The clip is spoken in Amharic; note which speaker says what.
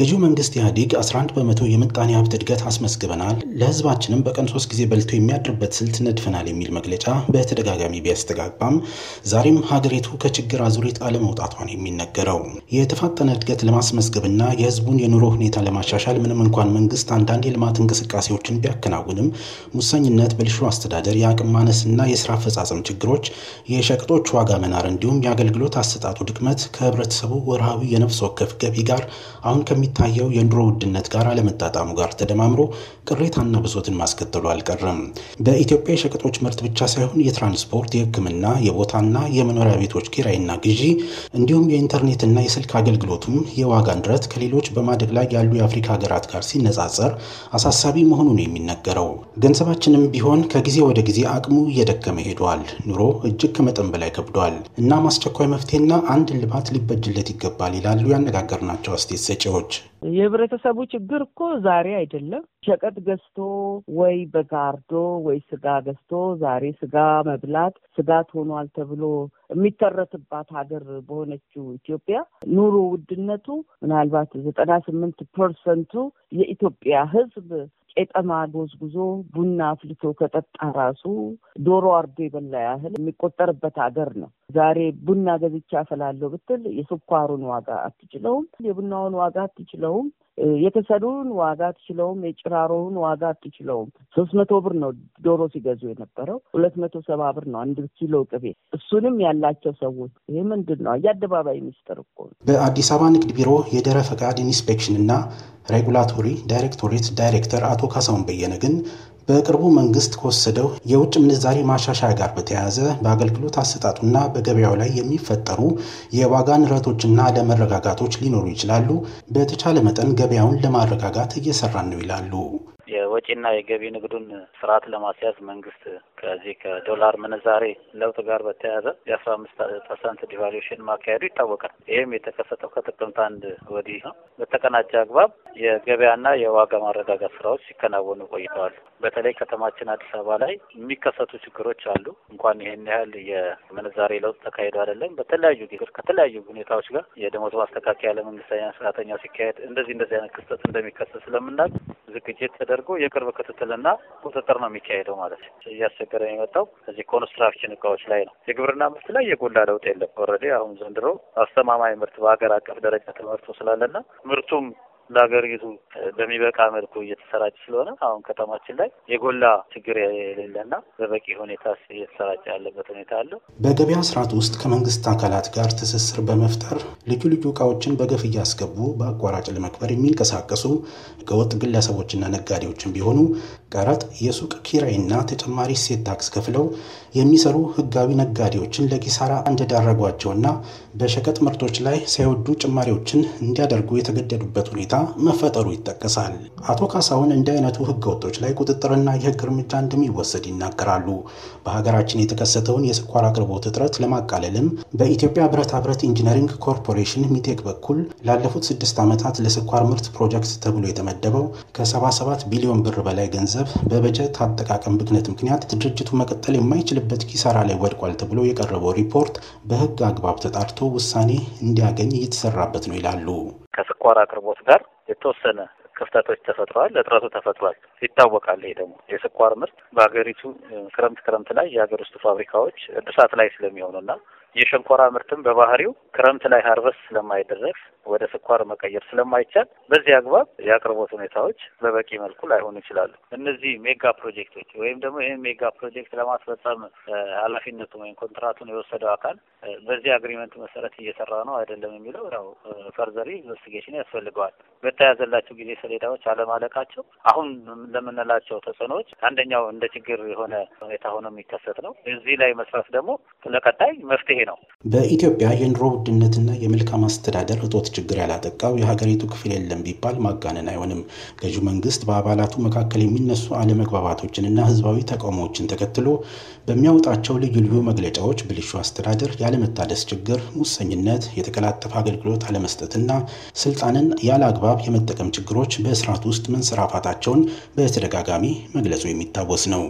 Speaker 1: ገዢው መንግስት ኢህአዴግ 11 በመቶ የምጣኔ ሀብት እድገት አስመዝግበናል፣ ለህዝባችንም በቀን ሶስት ጊዜ በልቶ የሚያድርበት ስልት ነድፈናል የሚል መግለጫ በተደጋጋሚ ቢያስተጋባም ዛሬም ሀገሪቱ ከችግር አዙሪት አለመውጣቷን የሚነገረው የተፋጠነ እድገት ለማስመዝገብና የህዝቡን የኑሮ ሁኔታ ለማሻሻል ምንም እንኳን መንግስት አንዳንድ የልማት እንቅስቃሴዎችን ቢያከናውንም ሙሰኝነት፣ ብልሹ አስተዳደር፣ የአቅም ማነስና የስራ አፈጻጸም ችግሮች፣ የሸቀጦች ዋጋ መናር እንዲሁም የአገልግሎት አሰጣጡ ድክመት ከህብረተሰቡ ወርሃዊ የነፍስ ወከፍ ገቢ ጋር አሁን ከሚ ከሚታየው የኑሮ ውድነት ጋር አለመጣጣሙ ጋር ተደማምሮ ቅሬታና ብሶትን ማስከተሉ አልቀረም። በኢትዮጵያ የሸቀጦች ምርት ብቻ ሳይሆን የትራንስፖርት፣ የሕክምና፣ የቦታና የመኖሪያ ቤቶች ኪራይና ግዢ እንዲሁም የኢንተርኔትና የስልክ አገልግሎቱም የዋጋ ንረት ከሌሎች በማደግ ላይ ያሉ የአፍሪካ ሀገራት ጋር ሲነጻጸር አሳሳቢ መሆኑ ነው የሚነገረው። ገንዘባችንም ቢሆን ከጊዜ ወደ ጊዜ አቅሙ እየደከመ ሄዷል። ኑሮ እጅግ ከመጠን በላይ ከብዷል። እናም አስቸኳይ መፍትሄና አንድ እልባት ሊበጅለት ይገባል ይላሉ ያነጋገርናቸው አስተያየት ሰጪዎች።
Speaker 2: የህብረተሰቡ ችግር እኮ ዛሬ አይደለም። ሸቀጥ ገዝቶ ወይ በጋርዶ ወይ ስጋ ገዝቶ ዛሬ ስጋ መብላት ስጋት ሆኗል ተብሎ የሚተረትባት ሀገር በሆነችው ኢትዮጵያ ኑሮ ውድነቱ ምናልባት ዘጠና ስምንት ፐርሰንቱ የኢትዮጵያ ህዝብ ቄጠማ ጎዝጉዞ ቡና አፍልቶ ከጠጣ ራሱ ዶሮ አርዶ የበላ ያህል የሚቆጠርበት ሀገር ነው። ዛሬ ቡና ገዝቼ አፈላለሁ ብትል የስኳሩን ዋጋ አትችለውም፣ የቡናውን ዋጋ አትችለውም። የተሰዱን ዋጋ አትችለውም፣ የጭራሮውን ዋጋ አትችለውም። ሶስት መቶ ብር ነው ዶሮ ሲገዙ የነበረው ሁለት መቶ ሰባ ብር ነው አንድ ኪሎ ቅቤ። እሱንም ያላቸው ሰዎች ይህ ምንድን ነው? የአደባባይ ሚስጥር እኮ
Speaker 1: ነው። በአዲስ አበባ ንግድ ቢሮ የደረ ፈቃድ ኢንስፔክሽን እና ሬጉላቶሪ ዳይሬክቶሬት ዳይሬክተር አቶ ካሳሁን በየነ ግን በቅርቡ መንግስት ከወሰደው የውጭ ምንዛሬ ማሻሻያ ጋር በተያያዘ በአገልግሎት አሰጣጡና በገበያው ላይ የሚፈጠሩ የዋጋ ንረቶችና አለመረጋጋቶች ሊኖሩ ይችላሉ። በተቻለ መጠን ገበያውን ለማረጋጋት እየሰራን ነው ይላሉ።
Speaker 3: የወጪና የገቢ ንግዱን ስርዓት ለማስያዝ መንግስት ከዚህ ከዶላር ምንዛሬ ለውጥ ጋር በተያያዘ የአስራ አምስት ፐርሰንት ዲቫሉሽን ማካሄዱ ይታወቃል። ይህም የተከሰተው ከጥቅምት አንድ ወዲህ ነው። በተቀናጀ አግባብ የገበያና የዋጋ ማረጋጋት ስራዎች ሲከናወኑ ቆይተዋል። በተለይ ከተማችን አዲስ አበባ ላይ የሚከሰቱ ችግሮች አሉ። እንኳን ይህን ያህል የምንዛሬ ለውጥ ተካሂዶ አይደለም። በተለያዩ ግር ከተለያዩ ሁኔታዎች ጋር የደሞዝ ማስተካከያ ለመንግስተኛ ሰራተኛ ሲካሄድ እንደዚህ እንደዚህ አይነት ክስተት እንደሚከሰት ስለምናውቅ ዝግጅት ተደርጎ የቅርብ ክትትልና ቁጥጥር ነው የሚካሄደው ማለት ነው። እየተቸገረ የመጣው እዚህ ኮንስትራክሽን እቃዎች ላይ ነው። የግብርና ምርት ላይ የጎላ ለውጥ የለም። ኦልሬዲ አሁን ዘንድሮ አስተማማኝ ምርት በሀገር አቀፍ ደረጃ ተመርቶ ስላለና ምርቱም ለሀገሪቱ በሚበቃ መልኩ እየተሰራጨ ስለሆነ አሁን ከተማችን ላይ የጎላ ችግር የሌለና በበቂ ሁኔታ እየተሰራጨ ያለበት ሁኔታ አለው።
Speaker 1: በገበያ ስርዓት ውስጥ ከመንግስት አካላት ጋር ትስስር በመፍጠር ልዩ ልዩ እቃዎችን በገፍ እያስገቡ በአቋራጭ ለመክበር የሚንቀሳቀሱ ህገወጥ ግለሰቦችና ነጋዴዎችን ቢሆኑ ቀረጥ፣ የሱቅ ኪራይና ተጨማሪ ሴት ታክስ ከፍለው የሚሰሩ ህጋዊ ነጋዴዎችን ለኪሳራ እንደዳረጓቸውና በሸቀጥ ምርቶች ላይ ሳይወዱ ጭማሪዎችን እንዲያደርጉ የተገደዱበት ሁኔታ መፈጠሩ ይጠቀሳል። አቶ ካሳሁን እንዲህ አይነቱ ህገ ወጦች ላይ ቁጥጥርና የህግ እርምጃ እንደሚወሰድ ይናገራሉ። በሀገራችን የተከሰተውን የስኳር አቅርቦት እጥረት ለማቃለልም በኢትዮጵያ ብረታ ብረት ኢንጂነሪንግ ኮርፖሬሽን ሚቴክ በኩል ላለፉት ስድስት ዓመታት ለስኳር ምርት ፕሮጀክት ተብሎ የተመደበው ከ77 ቢሊዮን ብር በላይ ገንዘብ በበጀት አጠቃቀም ብክነት ምክንያት ድርጅቱ መቀጠል የማይችልበት ኪሳራ ላይ ወድቋል ተብሎ የቀረበው ሪፖርት በህግ አግባብ ተጣርቶ ውሳኔ እንዲያገኝ እየተሰራበት ነው ይላሉ። ከስኳር አቅርቦት
Speaker 3: ጋር የተወሰነ ክፍተቶች ተፈጥረዋል፣ እጥረቱ ተፈጥሯል ይታወቃል። ይሄ ደግሞ የስኳር ምርት በሀገሪቱ ክረምት ክረምት ላይ የሀገር ውስጥ ፋብሪካዎች እድሳት ላይ ስለሚሆኑና የሸንኮራ ምርትም በባህሪው ክረምት ላይ ሀርቨስት ስለማይደረግ ወደ ስኳር መቀየር ስለማይቻል በዚህ አግባብ የአቅርቦት ሁኔታዎች በበቂ መልኩ ላይሆኑ ይችላሉ። እነዚህ ሜጋ ፕሮጀክቶች ወይም ደግሞ ይህን ሜጋ ፕሮጀክት ለማስፈጸም ኃላፊነቱን ወይም ኮንትራቱን የወሰደው አካል በዚህ አግሪመንት መሰረት እየሰራ ነው አይደለም የሚለው ያው ፈርዘሪ ኢንቨስቲጌሽን ያስፈልገዋል። በተያዘላቸው ጊዜ ሰሌዳዎች አለማለቃቸው አሁን ለምንላቸው ተጽዕኖዎች አንደኛው እንደ ችግር የሆነ ሁኔታ ሆኖ የሚከሰት ነው። እዚህ ላይ መስራት ደግሞ ለቀጣይ መፍትሄ ነው።
Speaker 1: በኢትዮጵያ የኑሮ ውድነትና የመልካም አስተዳደር እጦት ችግር ያላጠቃው የሀገሪቱ ክፍል የለም ቢባል ማጋነን አይሆንም። ገዢው መንግስት በአባላቱ መካከል የሚነሱ አለመግባባቶችንና ህዝባዊ ተቃውሞዎችን ተከትሎ በሚያወጣቸው ልዩ ልዩ መግለጫዎች ብልሹ አስተዳደር፣ ያለመታደስ ችግር፣ ሙሰኝነት፣ የተቀላጠፈ አገልግሎት አለመስጠትና ስልጣንን ያለ አግባብ አግባብ የመጠቀም ችግሮች በስርዓት ውስጥ መንሰራፋታቸውን በተደጋጋሚ መግለጹ የሚታወስ ነው